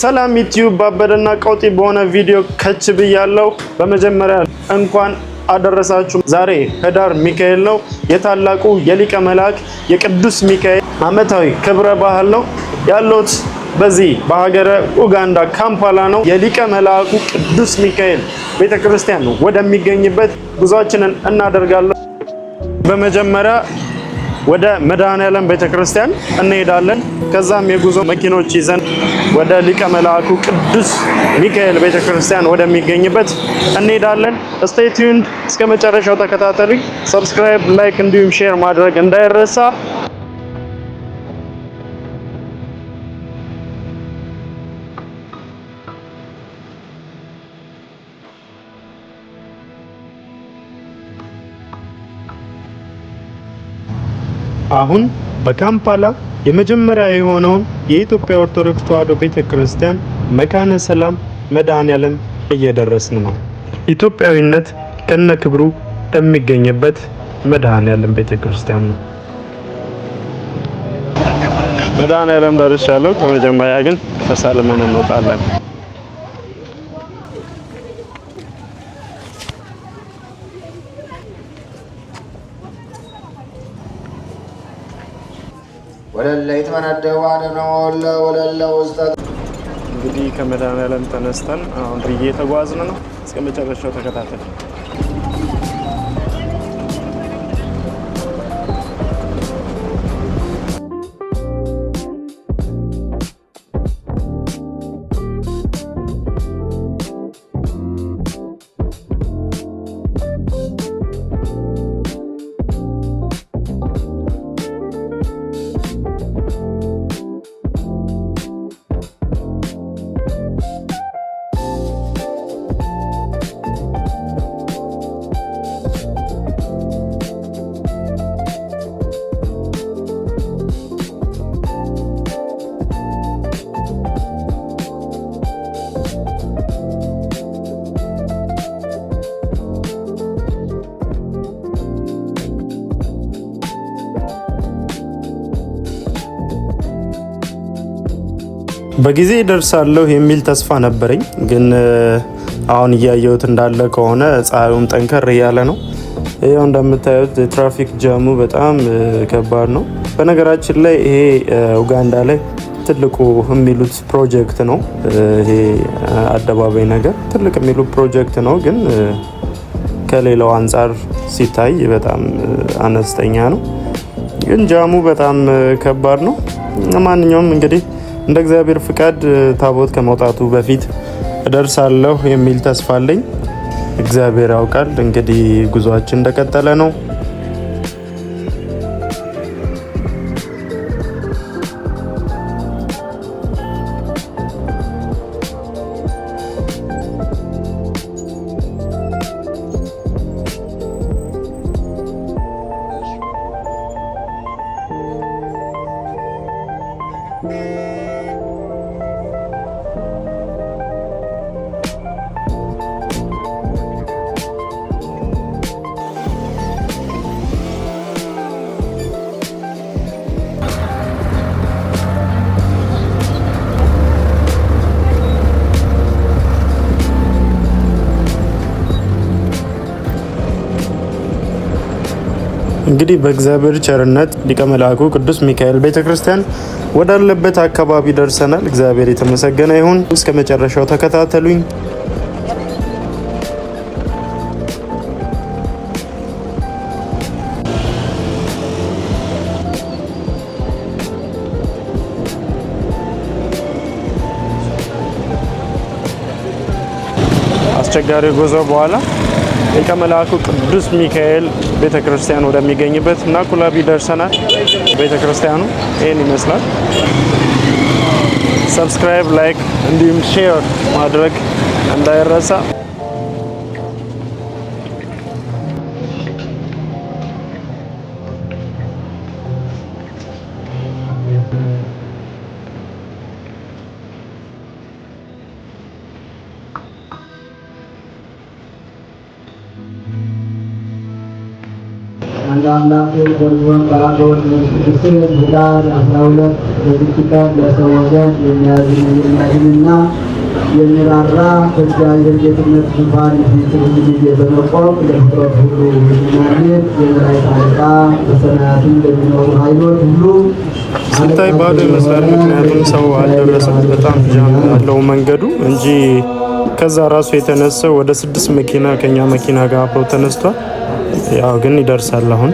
ሰላም ዩቲዩብ ባበደና ቀውጢ በሆነ ቪዲዮ ከች ብያለው። በመጀመሪያ እንኳን አደረሳችሁ። ዛሬ ህዳር ሚካኤል ነው። የታላቁ የሊቀ መልአክ የቅዱስ ሚካኤል ዓመታዊ ክብረ በዓል ነው ያለሁት በዚህ በሀገረ ኡጋንዳ ካምፓላ ነው። የሊቀ መልአኩ ቅዱስ ሚካኤል ቤተክርስቲያን ወደሚገኝበት ጉዟችንን እናደርጋለን። በመጀመሪያ ወደ መድኃኔ ቤተ ቤተክርስቲያን እንሄዳለን። ከዛም የጉዞ መኪኖች ይዘን ወደ ሊቀ መልአኩ ቅዱስ ሚካኤል ቤተክርስቲያን ወደሚገኝበት እንሄዳለን። ስቴይ ቲዩንድ እስከ መጨረሻው ተከታተሉ። ሰብስክራይብ፣ ላይክ እንዲሁም ሼር ማድረግ እንዳይረሳ። አሁን በካምፓላ የመጀመሪያ የሆነውን የኢትዮጵያ ኦርቶዶክስ ተዋሕዶ ቤተክርስቲያን መካነ ሰላም መድኃኔዓለም እየደረስን ነው። ኢትዮጵያዊነት ከነ ክብሩ የሚገኝበት መድኃኔዓለም ቤተ ቤተክርስቲያን ነው። መድኃኔዓለም ደርሻለሁ። ከመጀመሪያ ግን ተሳልመን እንወጣለን። ወለለ የተመነደው አደነ ወለ ወለለ ውስጠ እንግዲህ ከመድኃኔዓለም ተነስተን አሁን እየተጓዝን ነው። እስከ መጨረሻው ተከታተል። በጊዜ ደርሳለሁ የሚል ተስፋ ነበረኝ። ግን አሁን እያየሁት እንዳለ ከሆነ ፀሐዩም ጠንከር እያለ ነው። ያው እንደምታዩት የትራፊክ ጃሙ በጣም ከባድ ነው። በነገራችን ላይ ይሄ ኡጋንዳ ላይ ትልቁ የሚሉት ፕሮጀክት ነው። ይሄ አደባባይ ነገር ትልቅ የሚሉት ፕሮጀክት ነው፣ ግን ከሌላው አንጻር ሲታይ በጣም አነስተኛ ነው። ግን ጃሙ በጣም ከባድ ነው። ማንኛውም እንግዲህ እንደ እግዚአብሔር ፍቃድ ታቦት ከመውጣቱ በፊት እደርሳለሁ የሚል ተስፋ አለኝ። እግዚአብሔር ያውቃል። እንግዲህ ጉዟችን እንደቀጠለ ነው። እንግዲህ በእግዚአብሔር ቸርነት ሊቀ መልአኩ ቅዱስ ሚካኤል ቤተ ክርስቲያን ወዳለበት አካባቢ ደርሰናል። እግዚአብሔር የተመሰገነ ይሁን። እስከ መጨረሻው ተከታተሉኝ። አስቸጋሪ ጉዞ በኋላ ሊቀ መላእክቱ ቅዱስ ሚካኤል ቤተ ክርስቲያን ወደሚገኝበት ናኩላቢ ደርሰናል። ቤተ ክርስቲያኑ ይህን ይመስላል። ሰብስክራይብ፣ ላይክ እንዲሁም ሼር ማድረግ እንዳይረሳ። አቦን ምስል አስራ ሁለት የሚያዝንና የሚራራ በእግዚአብሔር ጌትነት ዙፋን ጊዜ በመቆም ለፍጥረት ሁሉ በሰማያትም ለሚኖሩ ኃይሎች ሁሉ ስታይ ባዶ ይመስላል። ምክንያቱም ሰው አልደረሰም። በጣም ጃም አለው መንገዱ እንጂ ከዛ ራሱ የተነሰ ወደ ስድስት መኪና ከኛ መኪና ጋር አብሮ ተነስቷል። ያው ግን ይደርሳል አሁን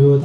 ቢወጣ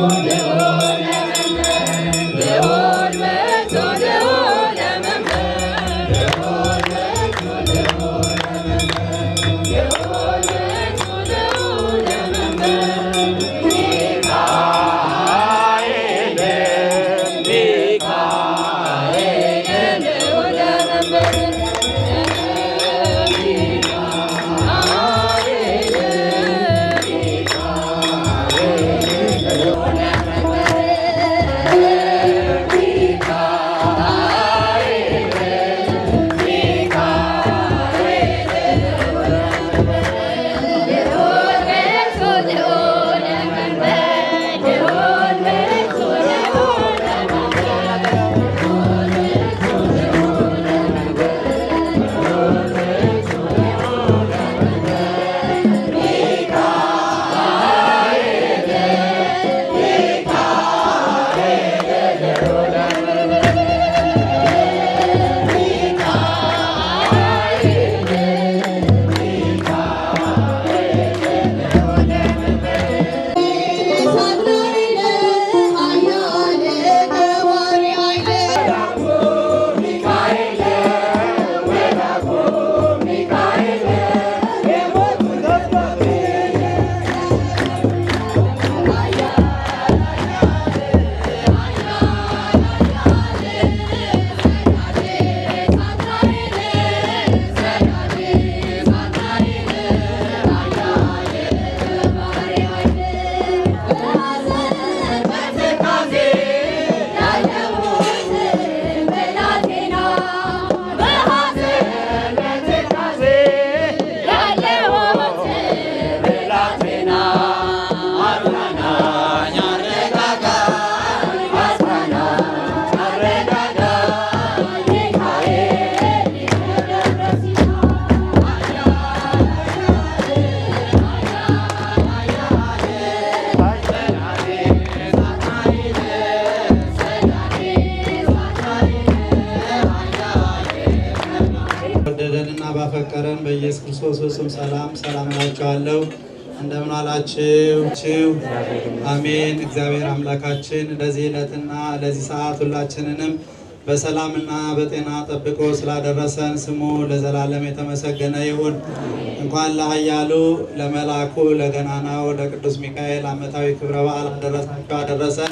Yeah. ባፈቀረን በኢየሱስ ክርስቶስ ስም ሰላም ሰላም እላችኋለሁ። እንደምን አላችሁ? አሜን። እግዚአብሔር አምላካችን ለዚህ ዕለትና ለዚህ ሰዓት ሁላችንንም በሰላምና በጤና ጠብቆ ስላደረሰን ስሙ ለዘላለም የተመሰገነ ይሁን። እንኳን ለኃያሉ ለመልአኩ ለገናናው ለቅዱስ ሚካኤል ዓመታዊ ክብረ በዓል አደረሳችሁ አደረሰን።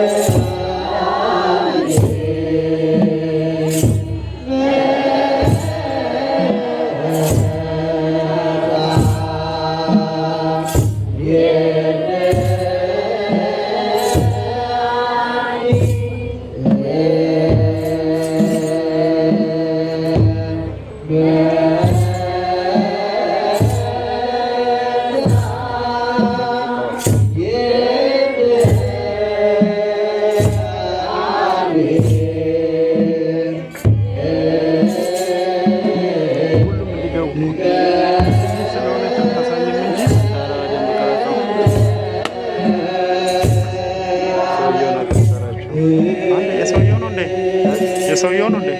you. የሰውየው ነው እንዴ? የሰውየው ነው እንዴ?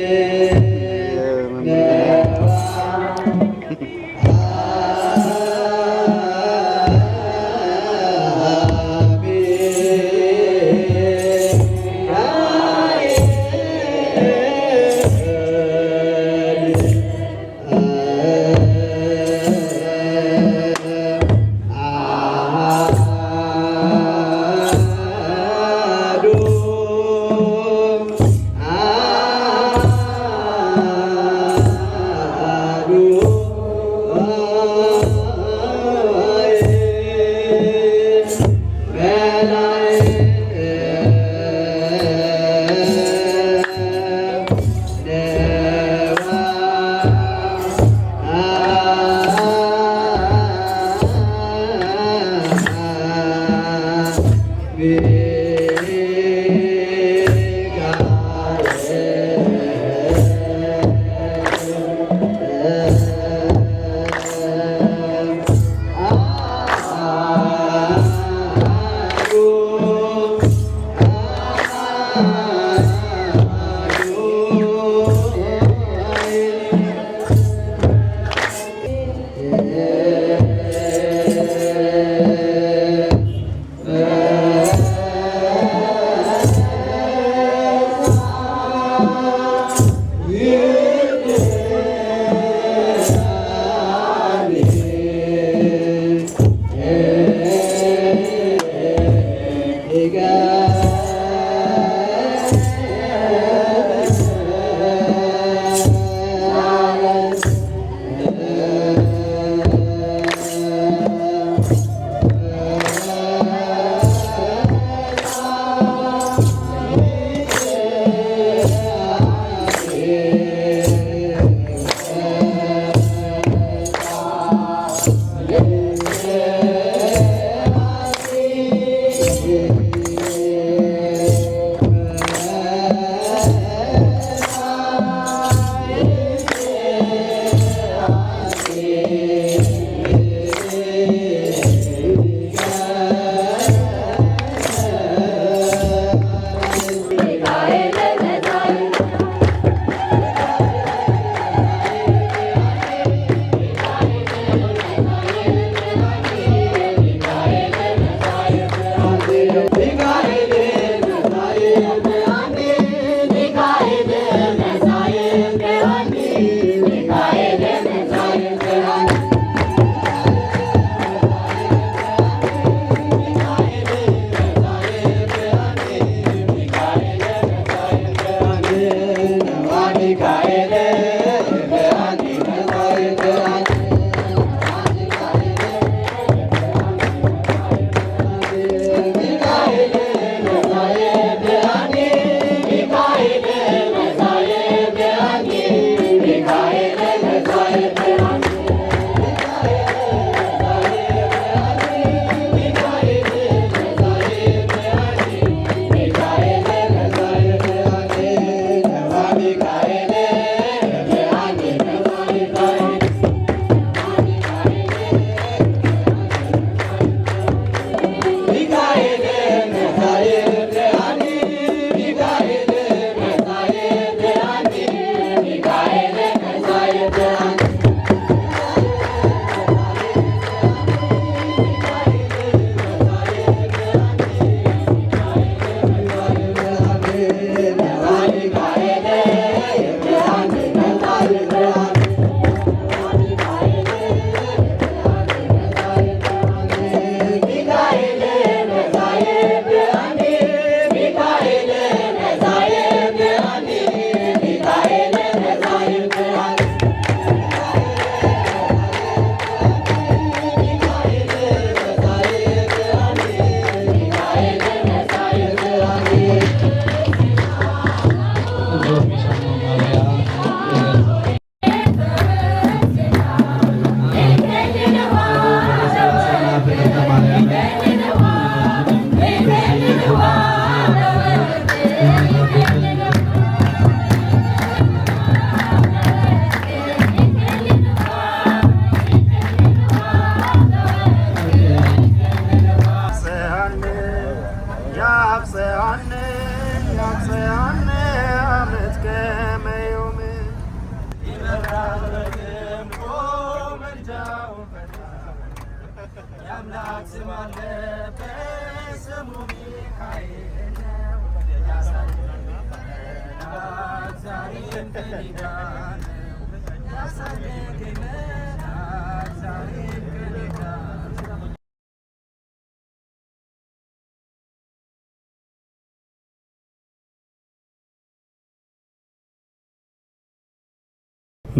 Thank you.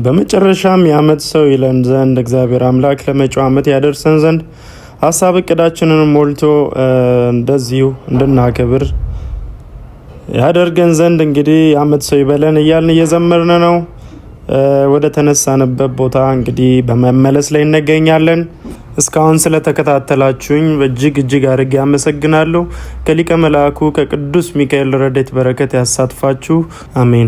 በመጨረሻም የአመት ሰው ይለን ዘንድ እግዚአብሔር አምላክ ለመጪው አመት ያደርሰን ዘንድ ሀሳብ እቅዳችንን ሞልቶ እንደዚሁ እንድናከብር ያደርገን ዘንድ እንግዲህ አመት ሰው ይበለን እያልን እየዘመርን ነው። ወደ ተነሳንበት ቦታ እንግዲህ በመመለስ ላይ እንገኛለን። እስካሁን ስለተከታተላችሁኝ በእጅግ እጅግ አድርጌ አመሰግናለሁ። ከሊቀ መልአኩ ከቅዱስ ሚካኤል ረድኤት በረከት ያሳትፋችሁ፣ አሜን።